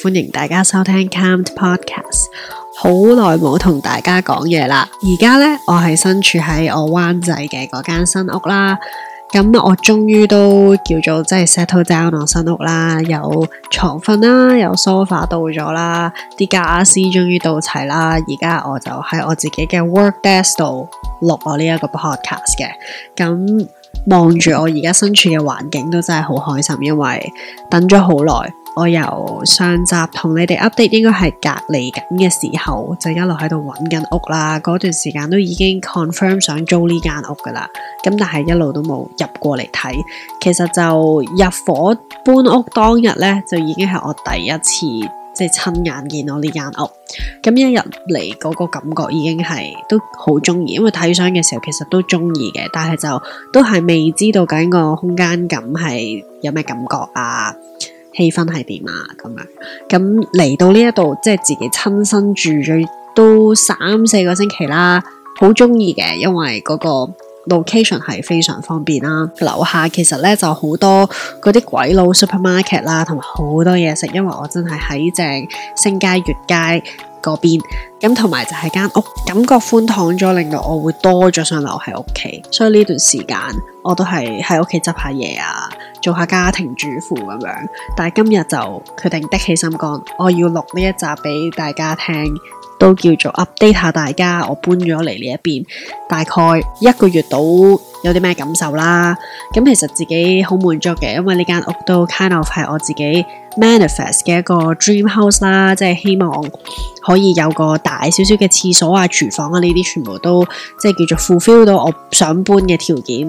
歡迎大家收聽 Calmed Podcast，好耐冇同大家講嘢啦。而家呢，我係身處喺我灣仔嘅嗰間新屋啦。咁我終於都叫做即係 settle down 我新屋啦，有床瞓啦，有 sofa 到咗啦，啲傢俬終於到齊啦。而家我就喺我自己嘅 work desk 度錄我呢一個 podcast 嘅。咁望住我而家身處嘅環境都真係好開心，因為等咗好耐。我由上集同你哋 update，應該係隔離緊嘅時候，就一路喺度揾緊屋啦。嗰段時間都已經 confirm 想租呢間屋噶啦，咁但係一路都冇入過嚟睇。其實就入伙搬屋當日呢，就已經係我第一次即係、就是、親眼見到我呢間屋。咁一入嚟嗰個感覺已經係都好中意，因為睇相嘅時候其實都中意嘅，但係就都係未知道緊個空間感係有咩感覺啊～氣氛係點啊？咁樣咁嚟到呢一度，即係自己親身住咗都三四個星期啦，好中意嘅，因為嗰個 location 係非常方便啦。樓下其實咧就好多嗰啲鬼佬 supermarket 啦，同埋好多嘢食。因為我真係喺正星街、月街嗰邊，咁同埋就係間屋、哦，感覺寬敞咗，令到我會多咗上樓喺屋企。所以呢段時間我都係喺屋企執下嘢啊。做下家庭主婦咁樣，但今日就決定的起心肝，我要錄呢一集俾大家聽，都叫做 update 下大家。我搬咗嚟呢一邊，大概一個月到，有啲咩感受啦。咁其實自己好滿足嘅，因為呢間屋都 kind of 係我自己 Manifest 嘅一個 dream house 啦，即係希望可以有個大少少嘅廁所啊、廚房啊呢啲，全部都即係叫做 fulfill 到我想搬嘅條件。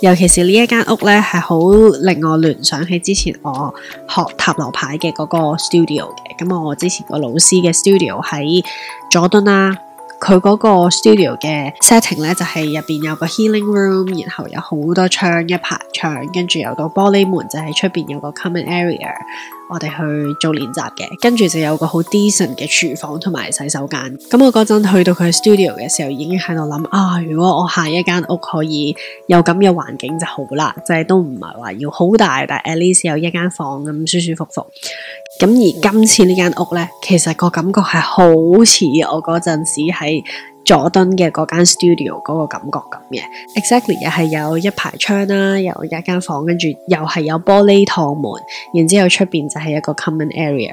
尤其是呢一間屋咧，係好令我聯想起之前我學塔羅牌嘅嗰個 studio 嘅。咁我之前個老師嘅 studio 喺佐敦啦，佢嗰個 studio 嘅 setting 咧就係入邊有個 healing room，然後有好多窗一排窗，跟住有個玻璃門就喺出邊有個 common area。我哋去做練習嘅，跟住就有個好 decent 嘅廚房同埋洗手間。咁我嗰陣去到佢 studio 嘅時候，已經喺度諗啊，如果我下一間屋可以有咁嘅環境就好啦，即係都唔係話要好大，但係 at least 有一間房咁舒舒服服。咁而今次呢間屋呢，其實個感覺係好似我嗰陣時喺。佐敦嘅嗰間 studio 嗰個感覺咁嘅，exactly 又係有一排窗啦，又有一間房，跟住又係有玻璃趟門，然之後出面就係一個 common area。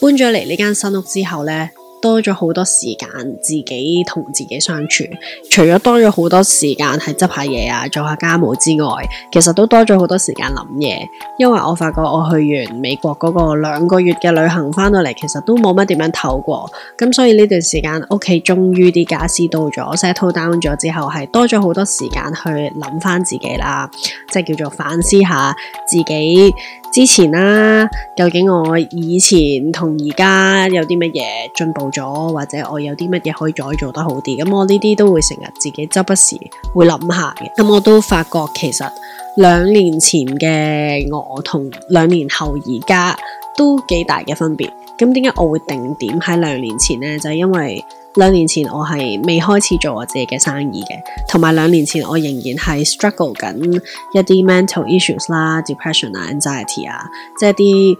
搬咗嚟呢間新屋之後呢。多咗好多時間自己同自己相處，除咗多咗好多時間係執下嘢啊、做下家務之外，其實都多咗好多時間諗嘢，因為我發覺我去完美國嗰個兩個月嘅旅行翻到嚟，其實都冇乜點樣透過，咁所以呢段時間屋企終於啲家私到咗 settle down 咗之後，係多咗好多時間去諗翻自己啦，即係叫做反思下自己。之前啦、啊，究竟我以前同而家有啲乜嘢進步咗，或者我有啲乜嘢可以再做得好啲？咁、嗯、我呢啲都會成日自己周不時會諗下嘅。咁、嗯、我都發覺其實兩年前嘅我同兩年後而家都幾大嘅分別。咁點解我會定點喺兩年前呢，就係因為兩年前我係未開始做我自己嘅生意嘅，同埋兩年前我仍然係 struggle 緊一啲 mental issues 啦、depression 啊、anxiety 啊，即係啲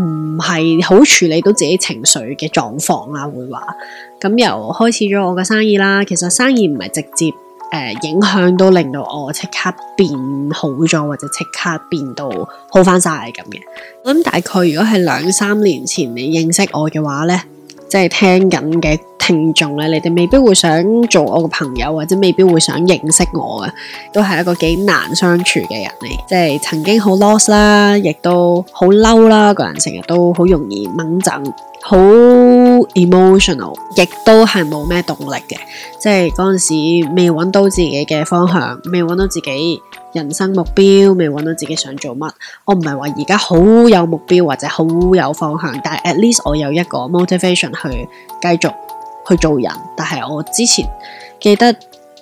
唔係好處理到自己情緒嘅狀況啦，會話咁又開始咗我嘅生意啦。其實生意唔係直接。誒、呃，影響都令到我即刻變好咗，或者即刻變到好翻晒。咁嘅。我諗大概如果係兩三年前你認識我嘅話呢，即係聽緊嘅聽眾咧，你哋未必會想做我嘅朋友，或者未必會想認識我嘅，都係一個幾難相處嘅人嚟。即係曾經好 lost 啦，亦都好嬲啦，個人成日都好容易掹震，好好 emotional，亦都係冇咩動力嘅，即係嗰陣時未揾到自己嘅方向，未揾到自己人生目標，未揾到自己想做乜。我唔係話而家好有目標或者好有方向，但係 at least 我有一個 motivation 去繼續去做人。但係我之前記得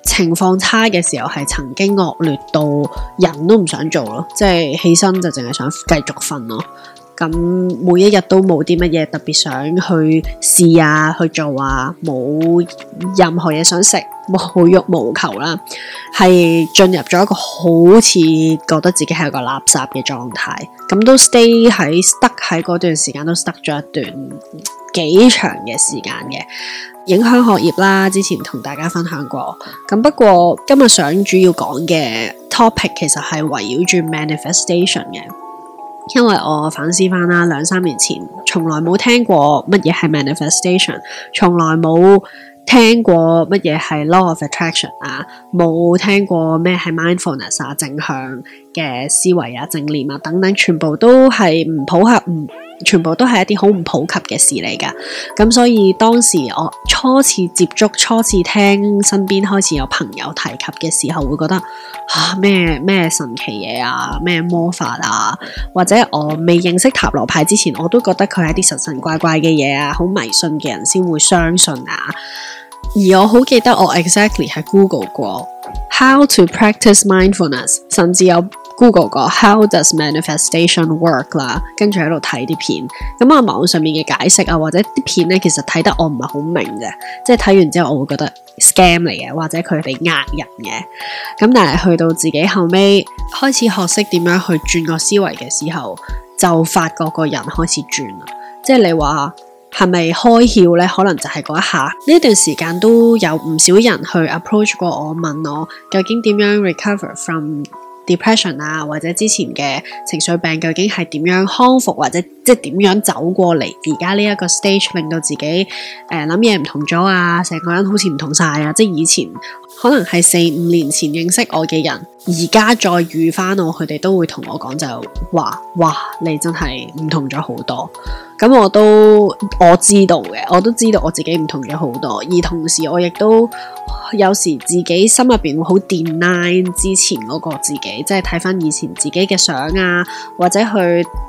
情況差嘅時候係曾經惡劣到人都唔想做咯，即係起身就淨係想繼續瞓咯。咁每一日都冇啲乜嘢特別想去試啊，去做啊，冇任何嘢想食，冇欲冇求啦，係進入咗一個好似覺得自己係一個垃圾嘅狀態。咁都 stay 喺 stuck 喺嗰段時間，都 stuck 咗一段幾長嘅時間嘅，影響學業啦。之前同大家分享過。咁不過今日想主要講嘅 topic 其實係圍繞住 manifestation 嘅。因為我反思返啦，兩三年前從來冇聽過乜嘢係 manifestation，從來冇聽過乜嘢係 law of attraction 啊，冇聽過咩係 mindfulness 啊、正向嘅思維啊、正念啊等等，全部都係唔普及。嗯全部都係一啲好唔普及嘅事嚟㗎，咁所以當時我初次接觸、初次聽身邊開始有朋友提及嘅時候，會覺得啊咩咩神奇嘢啊，咩魔法啊，或者我未認識塔羅牌之前，我都覺得佢係一啲神神怪怪嘅嘢啊，好迷信嘅人先會相信啊。而我好記得我 exactly 係 Google 過 How to practice mindfulness，甚至有。Google 個 How does manifestation work 啦，跟住喺度睇啲片，咁啊網上面嘅解釋啊，或者啲片咧，其實睇得我唔係好明嘅。即係睇完之後，我會覺得 scam 嚟嘅，或者佢哋呃人嘅。咁但係去到自己後尾開始學識點樣去轉個思維嘅時候，就發覺個人開始轉。即係你話係咪開竅呢？可能就係嗰一下。呢段時間都有唔少人去 approach 過我，問我究竟點樣 recover from。Depression 啊，或者之前嘅情緒病，究竟係點樣康復，或者即係點樣走過嚟而家呢一個 stage，令到自己誒諗嘢唔同咗啊，成個人好似唔同晒啊，即以前可能係四五年前認識我嘅人。而家再遇翻我，佢哋都會同我講就話，哇，你真係唔同咗好多。咁我都我知道嘅，我都知道我自己唔同咗好多。而同時，我亦都有時自己心入邊會好 deny 之前嗰個自己，即係睇翻以前自己嘅相啊，或者去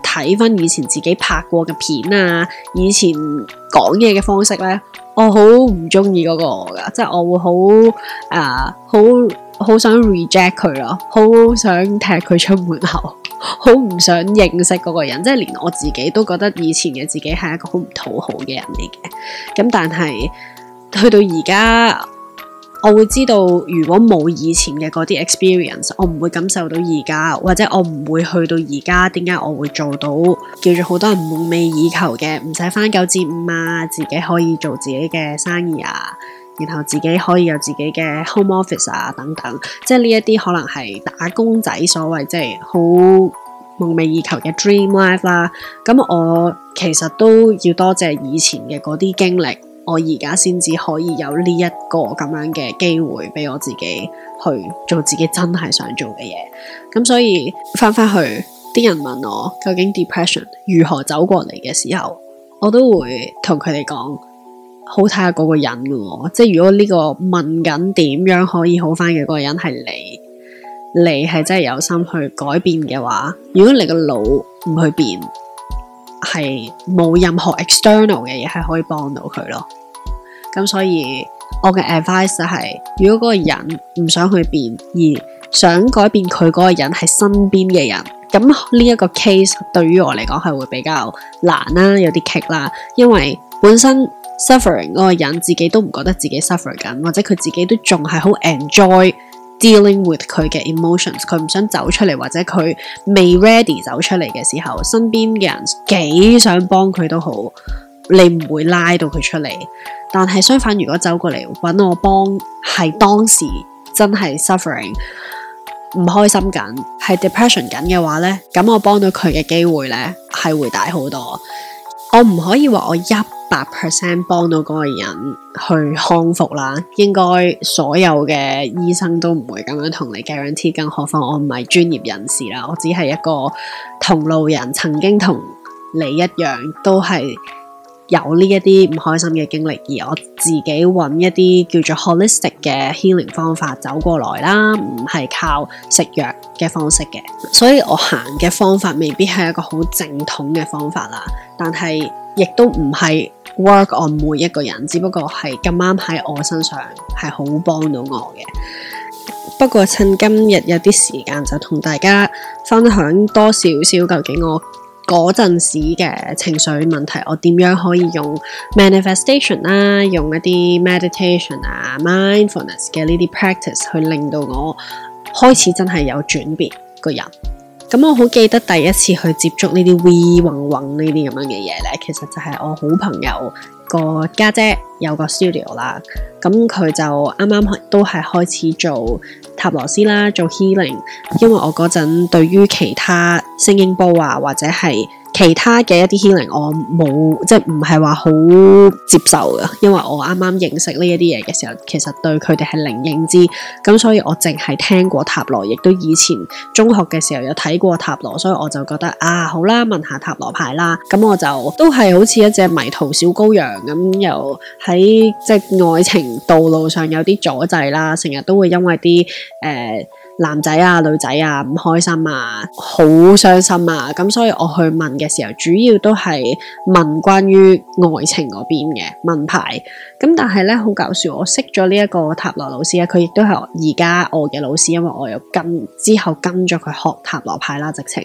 睇翻以前自己拍過嘅片啊，以前講嘢嘅方式咧，我好唔中意嗰個我噶，即係我會好啊好。呃好想 reject 佢咯，好想踢佢出門口，好唔想認識嗰個人，即係連我自己都覺得以前嘅自己係一個好唔討好嘅人嚟嘅。咁但係去到而家，我會知道如果冇以前嘅嗰啲 experience，我唔會感受到而家，或者我唔會去到而家。點解我會做到叫做好多人夢寐以求嘅，唔使返九至五啊，自己可以做自己嘅生意啊？然後自己可以有自己嘅 home office 啊，等等，即係呢一啲可能係打工仔所謂即係好夢寐以求嘅 dream life 啦。咁我其實都要多謝以前嘅嗰啲經歷，我而家先至可以有呢一個咁樣嘅機會俾我自己去做自己真係想做嘅嘢。咁所以返返去，啲人問我究竟 depression 如何走過嚟嘅時候，我都會同佢哋講。好睇下嗰個人喎，即係如果呢個問緊點樣可以好返嘅嗰個人係你，你係真係有心去改變嘅話，如果你個腦唔去變，係冇任何 external 嘅嘢係可以幫到佢咯。咁所以我嘅 advice 就係，如果嗰個人唔想去變，而想改變佢嗰個人係身邊嘅人，咁呢一個 case 對於我嚟講係會比較難啦，有啲棘啦，因為本身。suffering 嗰個人自己都唔覺得自己 suffer 緊，或者佢自己都仲係好 enjoy dealing with 佢嘅 emotions。佢唔想走出嚟，或者佢未 ready 走出嚟嘅時候，身邊嘅人幾想幫佢都好，你唔會拉到佢出嚟。但係相反，如果走過嚟搵我幫，係當時真係 suffering 唔開心緊，係 depression 緊嘅話呢，咁我幫到佢嘅機會呢，係會大好多。我唔可以話我一。百 percent 幫到嗰個人去康復啦，應該所有嘅醫生都唔會咁樣同你 guarantee，更何況我唔係專業人士啦，我只係一個同路人，曾經同你一樣都係。有呢一啲唔開心嘅經歷，而我自己揾一啲叫做 holistic 嘅 healing 方法走過來啦，唔係靠食藥嘅方式嘅，所以我行嘅方法未必係一個好正統嘅方法啦，但係亦都唔係 work on 每一個人，只不過係咁啱喺我身上係好幫到我嘅。不過趁今日有啲時間，就同大家分享多少少究竟我，嗰陣時嘅情緒問題，我點樣可以用 manifestation 啦，用一啲 meditation 啊，mindfulness 嘅呢啲 practice 去令到我開始真係有轉變個人。咁我好記得第一次去接觸呢啲 we wingwing 呢啲咁樣嘅嘢咧，其實就係我好朋友。個家姐，姐有個 studio 啦，咁佢就啱啱都係開始做塔羅師啦，做 healing，因為我嗰陣對於其他聲音缽啊或者係，其他嘅一啲 healing 我冇，即係唔係話好接受嘅，因為我啱啱認識呢一啲嘢嘅時候，其實對佢哋係零認知，咁所以我淨係聽過塔羅，亦都以前中學嘅時候有睇過塔羅，所以我就覺得啊，好啦，問下塔羅牌啦，咁我就都係好似一隻迷途小羔羊咁，又喺即係愛情道路上有啲阻滯啦，成日都會因為啲誒。呃男仔啊，女仔啊，唔開心啊，好傷心啊，咁所以我去問嘅時候，主要都係問關於愛情嗰邊嘅問牌。咁但係咧好搞笑，我識咗呢一個塔羅老師咧，佢亦都係而家我嘅老師，因為我又跟之後跟咗佢學塔羅牌啦，直情。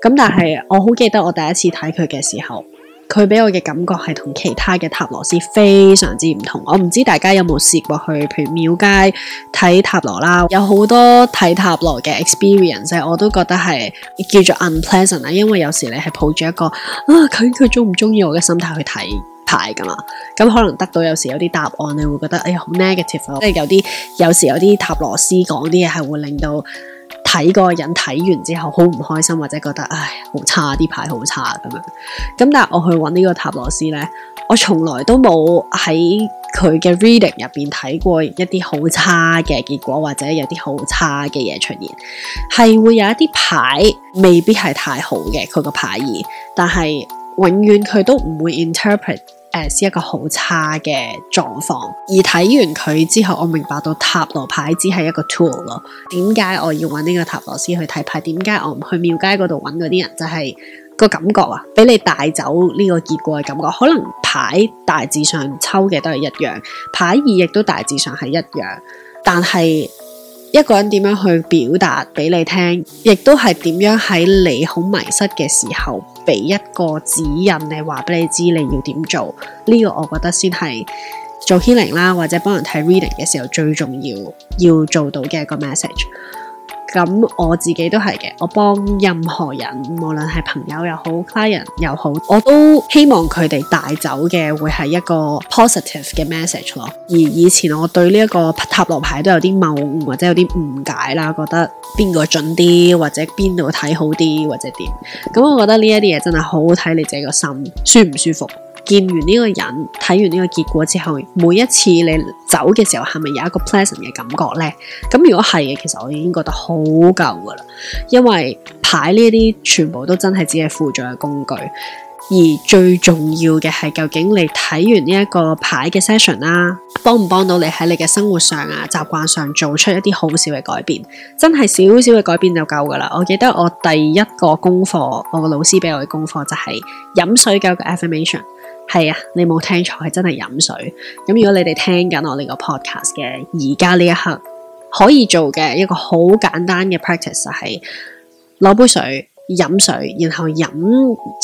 咁但係我好記得我第一次睇佢嘅時候。佢俾我嘅感覺係同其他嘅塔羅師非常之唔同，我唔知大家有冇試過去，譬如廟街睇塔羅啦，有好多睇塔羅嘅 experience，我都覺得係叫做 unpleasant 啊，因為有時你係抱住一個啊，究竟佢中唔中意我嘅心態去睇牌噶嘛，咁、嗯、可能得到有時有啲答案，你會覺得哎呀好 negative 啊，即係有啲有時有啲塔羅師講啲嘢係會令到睇嗰個人睇完之後好唔開心，或者覺得唉，好差啲牌好差咁樣，咁但係我去揾呢個塔羅師呢，我從來都冇喺佢嘅 reading 入邊睇過一啲好差嘅結果或者有啲好差嘅嘢出現，係會有一啲牌未必係太好嘅佢個牌意，但係永遠佢都唔會 interpret。誒，一個好差嘅狀況。而睇完佢之後，我明白到塔羅牌只係一個 tool 咯。點解我要揾呢個塔羅師去睇牌？點解我唔去廟街嗰度揾嗰啲人？就係個感覺啊，俾你帶走呢個結果嘅感覺。可能牌大致上抽嘅都係一樣，牌義亦都大致上係一樣。但係一個人點樣去表達俾你聽，亦都係點樣喺你好迷失嘅時候。俾一個指引你你，你話俾你知你要點做，呢個我覺得先係做 healing 啦，或者幫人睇 reading 嘅時候最重要要做到嘅一個 message。咁我自己都係嘅，我幫任何人，無論係朋友又好，client 又好，我都希望佢哋帶走嘅會係一個 positive 嘅 message 咯。而以前我對呢一個塔羅牌都有啲謬誤或者有啲誤解啦，覺得邊個準啲，或者邊度睇好啲，或者點。咁我覺得呢一啲嘢真係好睇你自己個心舒唔舒服。見完呢個人，睇完呢個結果之後，每一次你走嘅時候，係咪有一個 pleasant 嘅感覺呢？咁如果係嘅，其實我已經覺得好夠噶啦，因為牌呢啲全部都真係只係輔助嘅工具。而最重要嘅係，究竟你睇完呢一個牌嘅 session 啦，幫唔幫到你喺你嘅生活上啊、習慣上做出一啲好少嘅改變？真係少少嘅改變就夠㗎喇！我記得我第一個功課，我個老師俾我嘅功課就係、是、飲水嘅 affirmation。係啊，你冇聽錯，係真係飲水。咁如果你哋聽緊我呢個 podcast 嘅而家呢一刻，可以做嘅一個好簡單嘅 practice 就係、是、攞杯水。飲水，然後飲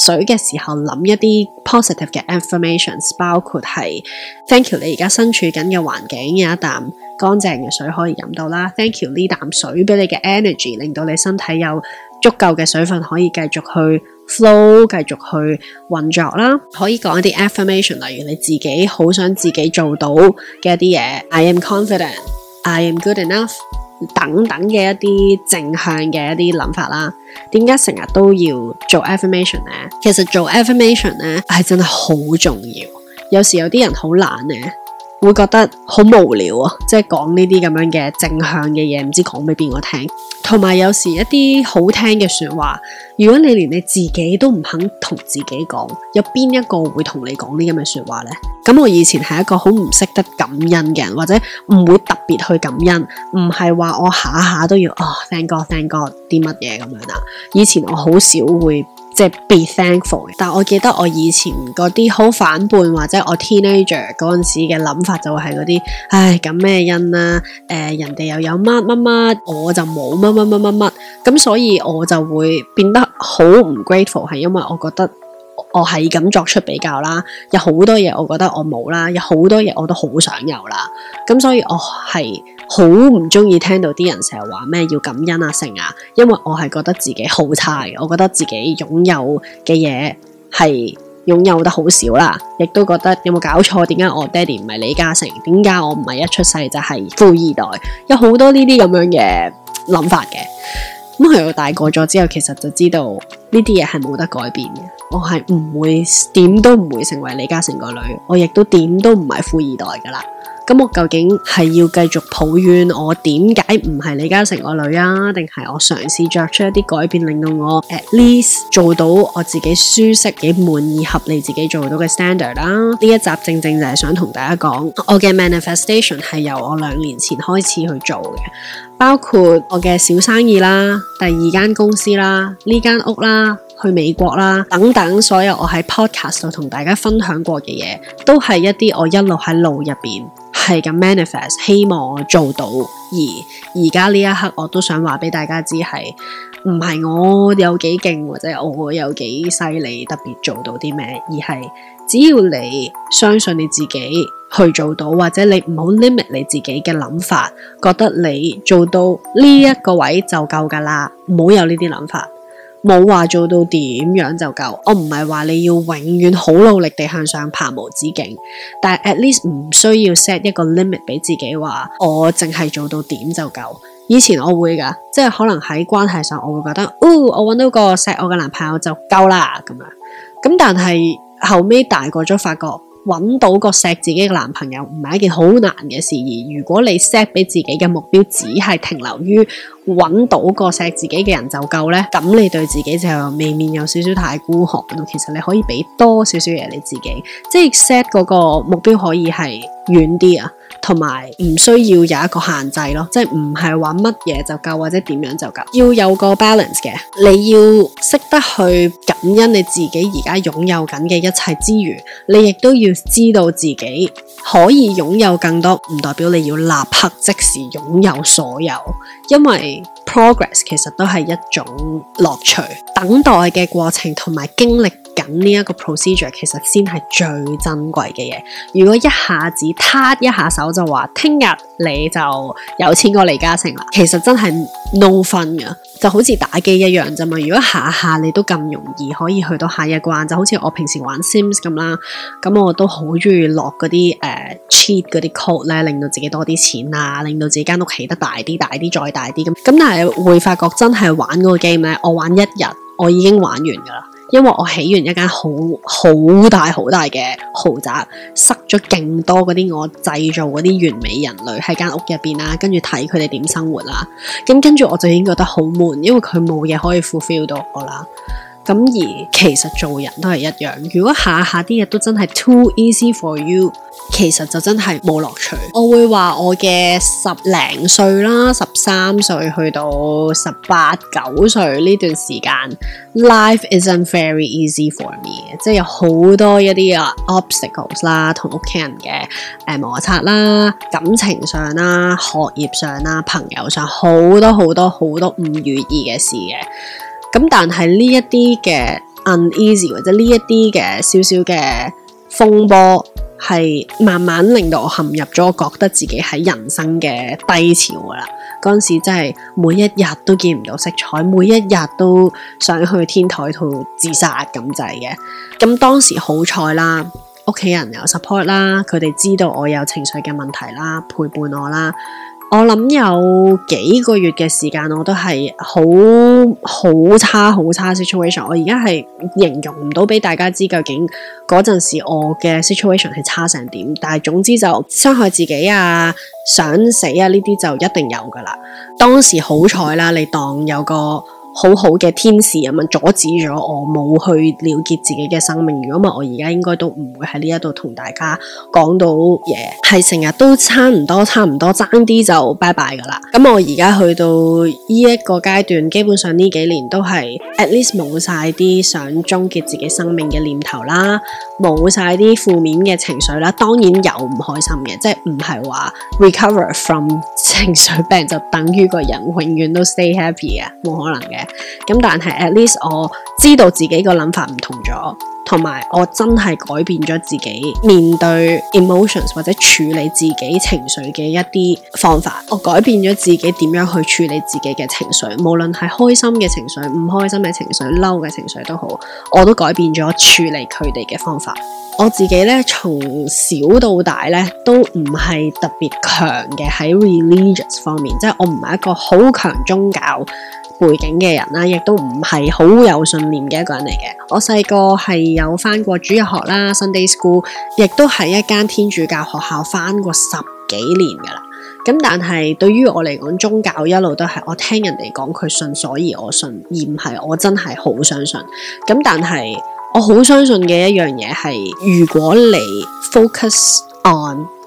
水嘅時候諗一啲 positive 嘅 affirmations，包括係 thank you 你而家身處緊嘅環境有一啖乾淨嘅水可以飲到啦，thank you 呢啖水俾你嘅 energy 令到你身體有足夠嘅水分可以繼續去 flow，繼續去運作啦。可以講一啲 affirmations，例如你自己好想自己做到嘅一啲嘢，I am confident，I am good enough。等等嘅一啲正向嘅一啲諗法啦，點解成日都要做 affirmation 呢？其實做 affirmation 呢，係、哎、真係好重要，有時有啲人好懶咧。會覺得好無聊啊，即係講呢啲咁樣嘅正向嘅嘢，唔知講俾邊個聽。同埋有，有時一啲好聽嘅說話，如果你連你自己都唔肯同自己講，有邊一個會同你講呢咁嘅說話咧？咁我以前係一個好唔識得感恩嘅人，或者唔會特別去感恩，唔係話我下下都要哦、啊、Thank God Thank God 啲乜嘢咁樣啦。以前我好少會。即係 be thankful 嘅，但我記得我以前嗰啲好反叛或者我 teenager 嗰陣時嘅諗法就係嗰啲，唉咁咩因啦、啊，誒、呃、人哋又有乜乜乜，我就冇乜乜乜乜乜，咁所以我就會變得好唔 grateful，係因為我覺得。我係咁作出比較啦，有好多嘢我覺得我冇啦，有好多嘢我都好想有啦，咁所以我係好唔中意聽到啲人成日話咩要感恩啊、成啊，因為我係覺得自己好差嘅，我覺得自己擁有嘅嘢係擁有得好少啦，亦都覺得有冇搞錯？點解我爹哋唔係李嘉誠？點解我唔係一出世就係富二代？有好多呢啲咁樣嘅諗法嘅。咁係、嗯、我大個咗之後，其實就知道呢啲嘢係冇得改變嘅。我係唔會點都唔會成為李嘉誠個女，我亦都點都唔係富二代噶啦。咁我究竟係要繼續抱怨我點解唔係李嘉誠個女啊？定係我嘗試作出一啲改變，令到我 at least 做到我自己舒適、嘅、自己滿意、合理、自己做到嘅 standard 啦？呢一集正正就係想同大家講，我嘅 manifestation 係由我兩年前開始去做嘅。包括我嘅小生意啦、第二間公司啦、呢間屋啦、去美國啦等等，所有我喺 podcast 度同大家分享過嘅嘢，都係一啲我一路喺路入邊係咁 manifest，希望我做到，而而家呢一刻我都想話俾大家知係。唔係我有幾勁或者我有幾犀利，特別做到啲咩，而係只要你相信你自己去做到，或者你唔好 limit 你自己嘅諗法，覺得你做到呢一個位就夠㗎喇，冇有呢啲諗法，冇話做到點樣就夠。我唔係話你要永遠好努力地向上爬，無止境，但係 at least 唔需要 set 一個 limit 俾自己話我淨係做到點就夠。以前我會噶，即係可能喺關係上我會覺得，哦，我揾到個錫我嘅男朋友就夠啦咁樣。咁但係後尾大個咗，發覺揾到個錫自己嘅男朋友唔係一件好難嘅事。而如果你 set 俾自己嘅目標只係停留於揾到個錫自己嘅人就夠呢，咁你對自己就未免有少少太孤寒。其實你可以俾多少少嘢你自己，即係 set 嗰個目標可以係遠啲啊。同埋唔需要有一個限制咯，即係唔係話乜嘢就夠或者點樣就夠，要有個 balance 嘅。你要識得去感恩你自己而家擁有緊嘅一切之餘，你亦都要知道自己可以擁有更多，唔代表你要立刻即時擁有所有。因為 progress 其實都係一種樂趣，等待嘅過程同埋經歷。緊呢一個 procedure，其實先係最珍貴嘅嘢。如果一下子撻一下手就話，聽日你就有錢過李嘉誠啦，其實真係 no fun 噶，就好似打機一樣啫嘛。如果下下你都咁容易可以去到下一關，就好似我平時玩 Sims 咁啦，咁我都好中意落嗰啲誒 cheat 嗰啲 code 咧，令到自己多啲錢啊，令到自己間屋起得大啲、大啲、再大啲咁。咁但係會發覺真係玩嗰個 game 咧，我玩一日，我已經玩完噶啦因為我起完一間好好大好大嘅豪宅，塞咗勁多嗰啲我製造嗰啲完美人類喺間屋入邊啦，跟住睇佢哋點生活啦，咁跟住我就已經覺得好悶，因為佢冇嘢可以 fulfill 到我啦。咁而其實做人都係一樣，如果下下啲嘢都真係 too easy for you，其實就真係冇樂趣。我會話我嘅十零歲啦、十三歲去到十八九歲呢段時間，life isn't very easy for me，即係有好多一啲啊 obstacles 啦，同屋企人嘅誒摩擦啦、感情上啦、學業上啦、朋友上好多好多好多唔如意嘅事嘅。咁但係呢一啲嘅 uneasy 或者呢一啲嘅少少嘅風波，係慢慢令到我陷入咗，我覺得自己喺人生嘅低潮㗎啦。嗰陣時真係每一日都見唔到色彩，每一日都想去天台度自殺咁滯嘅。咁當時好彩啦，屋企人有 support 啦，佢哋知道我有情緒嘅問題啦，陪伴我啦。我諗有幾個月嘅時間，我都係好好差、好差 situation。我而家係形容唔到俾大家知，究竟嗰陣時我嘅 situation 係差成點。但係總之就傷害自己啊、想死啊呢啲就一定有㗎喇。當時好彩啦，你當有個。好好嘅天使咁啊，阻止咗我冇去了結自己嘅生命。如果唔係，我而家應該都唔會喺呢一度同大家講到嘢，係成日都差唔多，差唔多爭啲就拜拜噶啦。咁我而家去到呢一個階段，基本上呢幾年都係 at least 冇晒啲想終結自己生命嘅念頭啦，冇晒啲負面嘅情緒啦。當然有唔開心嘅，即係唔係話 recover from 情緒病就等於個人永遠都 stay happy 嘅，冇可能嘅。咁但係 at least 我知道自己個諗法唔同咗，同埋我真係改變咗自己面對 emotions 或者處理自己情緒嘅一啲方法。我改變咗自己點樣去處理自己嘅情緒，無論係開心嘅情緒、唔開心嘅情緒、嬲嘅情緒都好，我都改變咗處理佢哋嘅方法。我自己咧從小到大咧都唔係特別強嘅。喺 religious 方面，即係我唔係一個好強宗教。背景嘅人啦，亦都唔係好有信念嘅一個人嚟嘅。我細個係有翻過主日學啦，Sunday School，亦都係一間天主教學校翻過十幾年噶啦。咁但係對於我嚟講，宗教一路都係，我聽人哋講佢信，所以我信。而唔係我真係好相信。咁但係我好相信嘅一樣嘢係，如果你 focus on。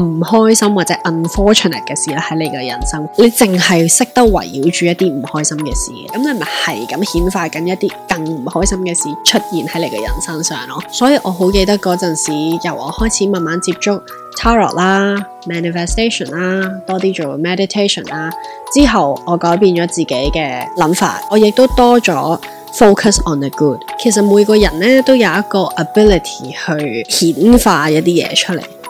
唔開心或者 unfortunate 嘅事咧，喺你嘅人生，你淨係識得圍繞住一啲唔開心嘅事，咁你咪係咁顯化緊一啲更唔開心嘅事出現喺你嘅人身上咯。所以我好記得嗰陣時，由我開始慢慢接觸 tarot 啦，manifestation 啦，多啲做 meditation 啦，之後我改變咗自己嘅諗法，我亦都多咗 focus on the good。其實每個人咧都有一個 ability 去顯化一啲嘢出嚟。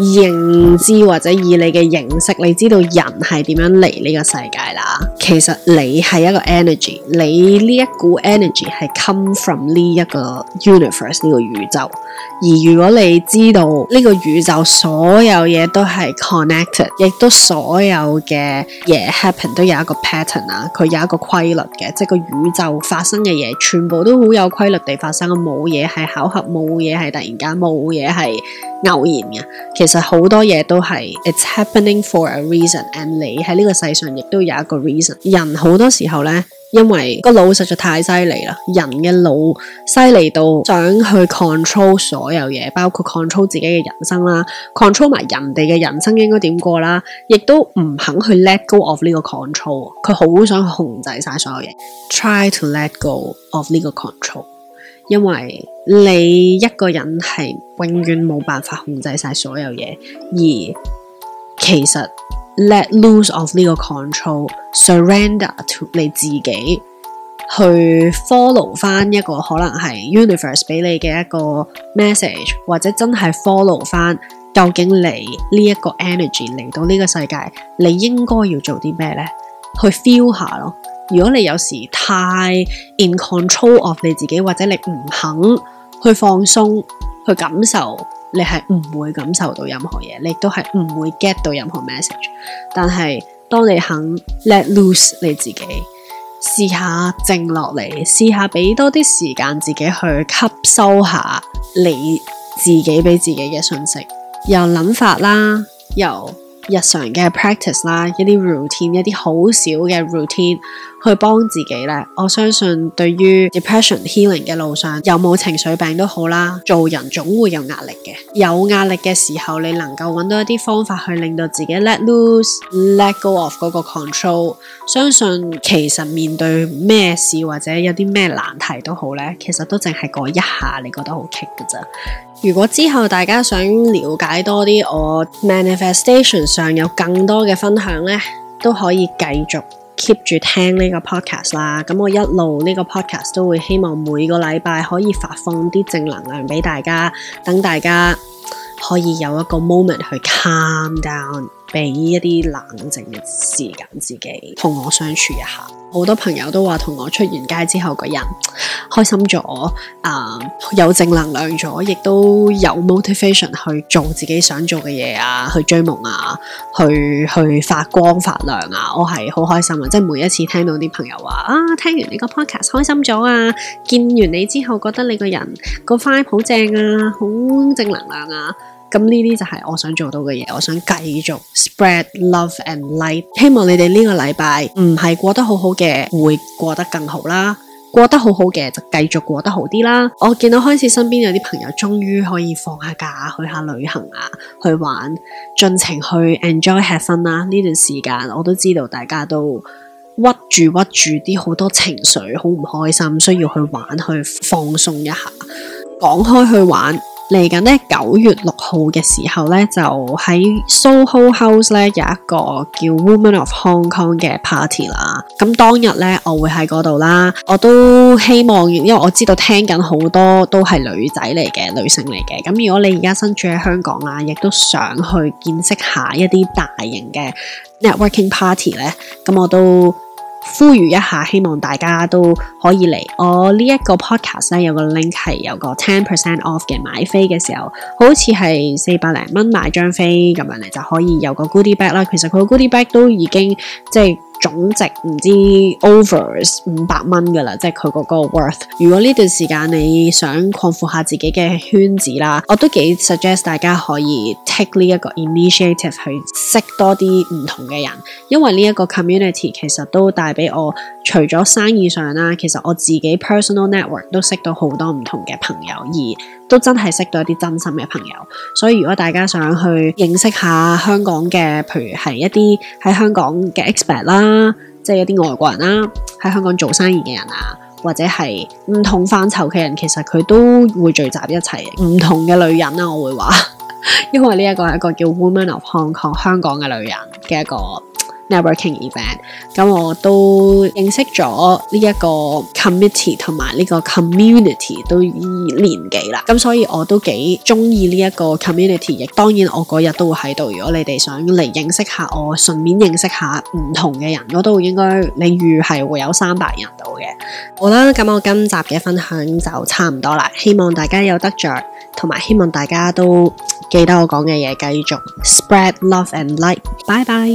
認知或者以你嘅認識，你知道人係點樣嚟呢個世界啦。其實你係一個 energy，你呢一股 energy 係 come from 呢一個 universe 呢個宇宙。而如果你知道呢個宇宙所有嘢都係 connected，亦都所有嘅嘢 happen 都有一個 pattern 啊，佢有一個規律嘅，即係個宇宙發生嘅嘢全部都好有規律地發生嘅，冇嘢係巧合，冇嘢係突然間，冇嘢係。偶然嘅，其實好多嘢都係，it's happening for a reason，and 你喺呢個世上亦都有一個 reason。人好多時候呢，因為個腦實在太犀利啦，人嘅腦犀利到想去 control 所有嘢，包括 control 自己嘅人生啦，control 埋人哋嘅人生應該點過啦，亦都唔肯去 let go of 呢個 control，佢好想去控制晒所有嘢，try to let go of 呢個 control。因為你一個人係永遠冇辦法控制晒所有嘢，而其實 let loose of 呢個 control，surrender to 你自己去 follow 翻一個可能係 universe 俾你嘅一個 message，或者真係 follow 翻究竟你呢一個 energy 嚟到呢個世界，你應該要做啲咩呢？去 feel 下咯。如果你有時太 in control of 你自己，或者你唔肯去放鬆去感受，你係唔會感受到任何嘢，你都係唔會 get 到任何 message。但係當你肯 let loose 你自己，試下靜落嚟，試下俾多啲時間自己去吸收下你自己俾自己嘅信息，由諗法啦，由日常嘅 practice 啦，一啲 routine，一啲好少嘅 routine。去幫自己咧，我相信對於 depression healing 嘅路上，有冇情緒病都好啦。做人總會有壓力嘅，有壓力嘅時候，你能夠揾到一啲方法去令到自己 let loose、let go of 嗰個 control。相信其實面對咩事或者有啲咩難題都好咧，其實都淨係過一下，你覺得好棘㗎咋。如果之後大家想了解多啲我 manifestation 上有更多嘅分享咧，都可以繼續。Keep 住聽呢個 podcast 啦，咁我一路呢個 podcast 都會希望每個禮拜可以發放啲正能量俾大家，等大家可以有一個 moment 去 calm down，俾一啲冷靜嘅時間自己同我相處一下。好多朋友都話同我出完街之後個人開心咗，啊、呃、有正能量咗，亦都有 motivation 去做自己想做嘅嘢啊，去追夢啊，去去發光發亮啊，我係好開心啊！即係每一次聽到啲朋友話啊，聽完你個 podcast 開心咗啊，見完你之後覺得你個人個 vibe 好正啊，好正能量啊！咁呢啲就係我想做到嘅嘢，我想繼續 spread love and light。希望你哋呢個禮拜唔係過得好好嘅，會過得更好啦。過得好好嘅就繼續過得好啲啦。我見到開始身邊有啲朋友終於可以放下假去下旅行啊，去玩，盡情去 enjoy have fun 啦。呢段時間我都知道大家都屈住屈住啲好多情緒，好唔開心，需要去玩去放鬆一下，講開去玩。嚟緊咧九月六號嘅時候咧，就喺 SoHo House 咧有一個叫 Women of Hong Kong 嘅 party 啦。咁、嗯、當日咧，我會喺嗰度啦。我都希望，因為我知道聽緊好多都係女仔嚟嘅，女性嚟嘅。咁、嗯、如果你而家身處喺香港啦，亦都想去見識一下一啲大型嘅 Networking Party 咧，咁、嗯、我都。呼籲一下，希望大家都可以嚟。我呢一個 podcast 有個 link 係有個 ten percent off 嘅買飛嘅時候，好似係四百零蚊買張飛咁樣嚟就可以有個 goodie bag 啦。其實佢個 goodie bag 都已經即係，就是總值唔知 overs 五百蚊㗎啦，即係佢嗰個 worth。如果呢段時間你想擴闊下自己嘅圈子啦，我都幾 suggest 大家可以 take 呢一個 initiative 去識多啲唔同嘅人，因為呢一個 community 其實都帶俾我，除咗生意上啦、啊，其實我自己 personal network 都識到好多唔同嘅朋友而，都真係識到一啲真心嘅朋友，所以如果大家想去認識下香港嘅，譬如係一啲喺香港嘅 expert 啦，即係一啲外國人啦，喺香港做生意嘅人啊，或者係唔同範疇嘅人，其實佢都會聚集一齊。唔同嘅女人啦，我會話，因為呢一個係一個叫 Women of Hong Kong 香港嘅女人嘅一個。networking event，咁我都認識咗呢一個 committee 同埋呢個 community 都一年幾啦。咁所以我都幾中意呢一個 community。亦當然我嗰日都會喺度。如果你哋想嚟認識下我，順便認識下唔同嘅人，我都應該你預係會有三百人度嘅。好啦，咁我今集嘅分享就差唔多啦。希望大家有得着，同埋希望大家都記得我講嘅嘢，繼續 spread love and light。拜拜。